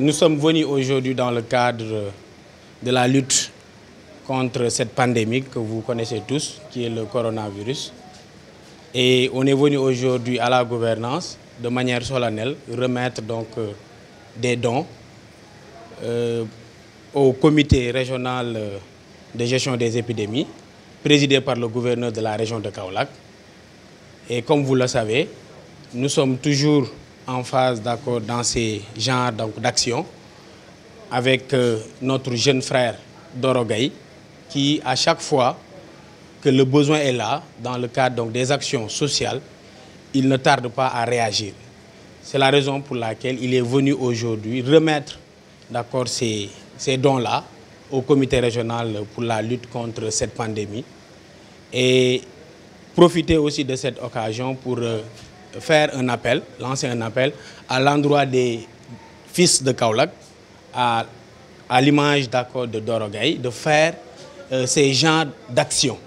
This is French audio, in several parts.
Nous sommes venus aujourd'hui dans le cadre de la lutte contre cette pandémie que vous connaissez tous, qui est le coronavirus. Et on est venu aujourd'hui à la gouvernance de manière solennelle remettre donc euh, des dons euh, au comité régional euh, de gestion des épidémies, présidé par le gouverneur de la région de Kaolac. Et comme vous le savez, nous sommes toujours en phase d'accord dans ces genres d'action avec euh, notre jeune frère Dorogaï qui à chaque fois que le besoin est là dans le cadre donc, des actions sociales, il ne tarde pas à réagir. C'est la raison pour laquelle il est venu aujourd'hui remettre d'accord ces, ces dons-là au comité régional pour la lutte contre cette pandémie et profiter aussi de cette occasion pour euh, faire un appel, lancer un appel à l'endroit des fils de Kaolak, à, l'image d'accord de Dorogay, de faire euh, ces genres d'action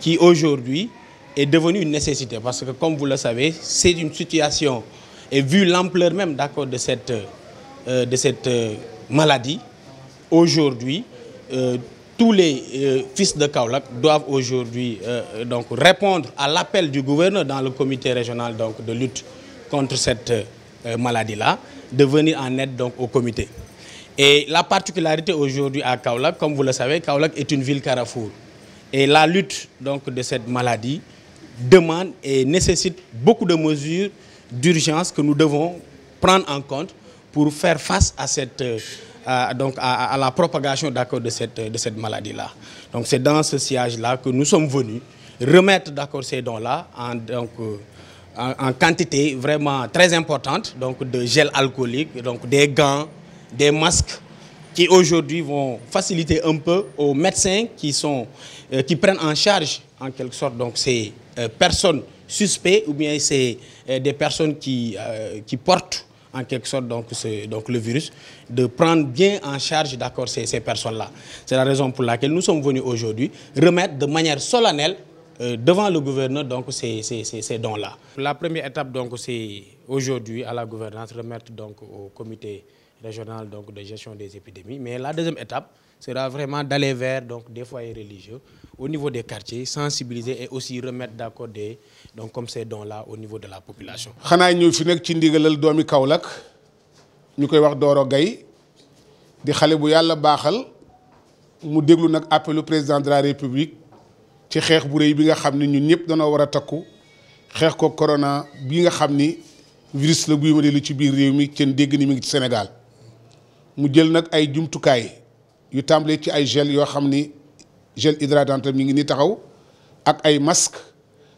qui aujourd'hui est devenu une nécessité parce que comme vous le savez, c'est une situation et vu l'ampleur même d'accord de cette, euh, de cette euh, maladie, aujourd'hui, tous les euh, fils de Kaolack doivent aujourd'hui euh, euh, répondre à l'appel du gouverneur dans le comité régional donc, de lutte contre cette maladie-là, de venir en aide donc, au comité. Et la particularité aujourd'hui à Kaolak, comme vous le savez, Kaolak est une ville carrefour. Et la lutte donc, de cette maladie demande et nécessite beaucoup de mesures d'urgence que nous devons prendre en compte pour faire face à cette à, donc à, la propagation d'accord de cette, de cette maladie-là. Donc c'est dans ce sillage-là que nous sommes venus remettre d'accord ces dons-là en, donc, euh, en, quantité vraiment très importante, donc de gel alcoolique, donc des gants, des masques qui aujourd'hui vont faciliter un peu aux médecins qui, sont, euh, qui prennent en charge en quelque sorte donc ces euh, personnes suspectes ou bien ces des personnes qui, qui portent en quelque sorte donc, le virus, de prendre bien en charge ces, personnes-là. C'est la raison pour laquelle nous sommes venus aujourd'hui remettre de manière solennelle euh, devant le gouverneur donc, ces, ces dons-là. La première étape, donc, c'est aujourd'hui à la gouvernance, remettre donc, au comité régional donc, de gestion des épidémies. Mais la deuxième étape, sera vraiment d'aller vers donc, des foyers religieux au niveau des quartiers, sensibiliser et aussi remettre d'accord des donc, comme ces dons-là au niveau de la population. xanaa ñëw fi nag ci ndigalal doomi Kaolack ñu koy wax Doro Gaye di xale bu yàlla baaxal mu déglu nag appelu président de la république ci xeex bu réy bi nga xam ni ñun ñëpp danoo war a takku xeex ko corona bi nga xam virus la guy ma dellu ci biir réew mi dégg ni mi ngi ci Sénégal mu jël nag ay jumtukaay. yu tàmbalee ci ay gel yoo xam ni gel hydratant mi ngi ni taxaw ak ay masque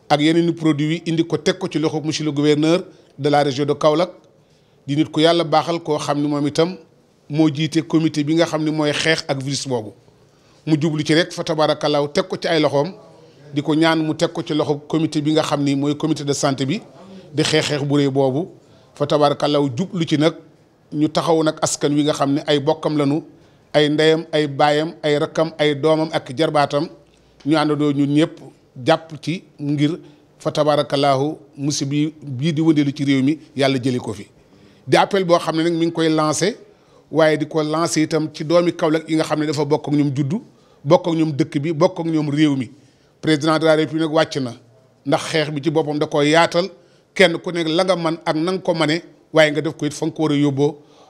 ak yeneen i produits indi ko teg ko ci loxo monsieur le gouverneur de la région de Kaolack di nit ku yàlla baaxal koo xam ni moom itam moo jiite comité bi nga xam ni mooy xeex ak virus boobu mu jublu ci rek fa tabaarakallaahu teg ko ci ay loxoom di ko ñaan mu teg ko ci loxo comité bi nga xam ni mooy comité de santé bi di xeex-xeex bu réy boobu fa tabaarakallaahu jublu ci nag ñu taxaw nag askan wi nga xam ne ay bokkam lañu ay ndeyam ay baayam ay rakkam ay doomam ak jarbaatam ñu àndandoo ñun ñëpp jàpp ci ngir fa tabaarakallaahu musib bi bii di wëndeelu ci réew mi yàlla jëlee ko fi di appel boo xam ne nag mi ngi koy lancé waaye di ko lancé itam ci doomi Kaolack yi nga xam ne dafa bokk ak ñoom juddu bokk ak ñoom dëkk bi bokk ak ñoom réew mi président de la république wàcc na ndax xeex bi ci boppam da ko yaatal kenn ku nekk la nga man ak na nga ko mane waaye nga def ko it fa a yóbboo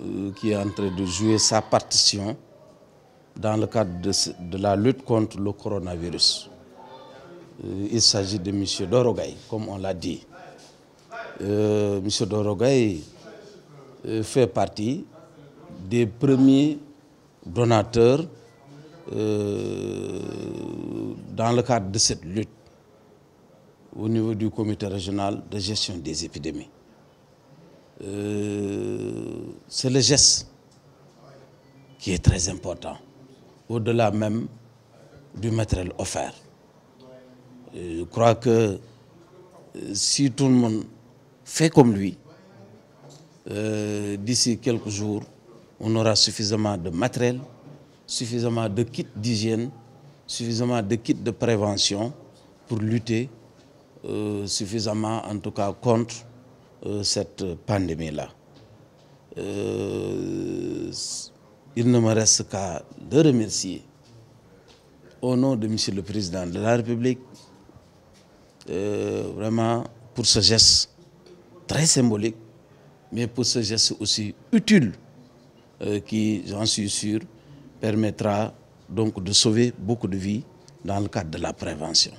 Euh, qui est en train de jouer sa partition dans le cadre de, la lutte contre le coronavirus. Euh, il s'agit de M. Dorogay, comme on l'a dit. Euh, M. Dorogay fait partie des premiers donateurs dans le cadre de cette lutte au niveau du comité régional de gestion des épidémies. Euh, c'est le geste qui est très important, au-delà même du matériel offert. je crois que euh, si tout le monde fait comme lui, euh, d'ici quelques jours, on aura suffisamment de matériel, suffisamment de kits d'hygiène, suffisamment de kits de prévention pour lutter suffisamment, en tout cas, contre euh, cette pandémie-là. Euh, il ne me reste qu'à le remercier au nom de Monsieur le Président de la République, euh, vraiment pour ce geste très symbolique, mais pour ce geste aussi utile qui, j'en suis sûr, permettra donc de sauver beaucoup de vies dans le cadre de la prévention.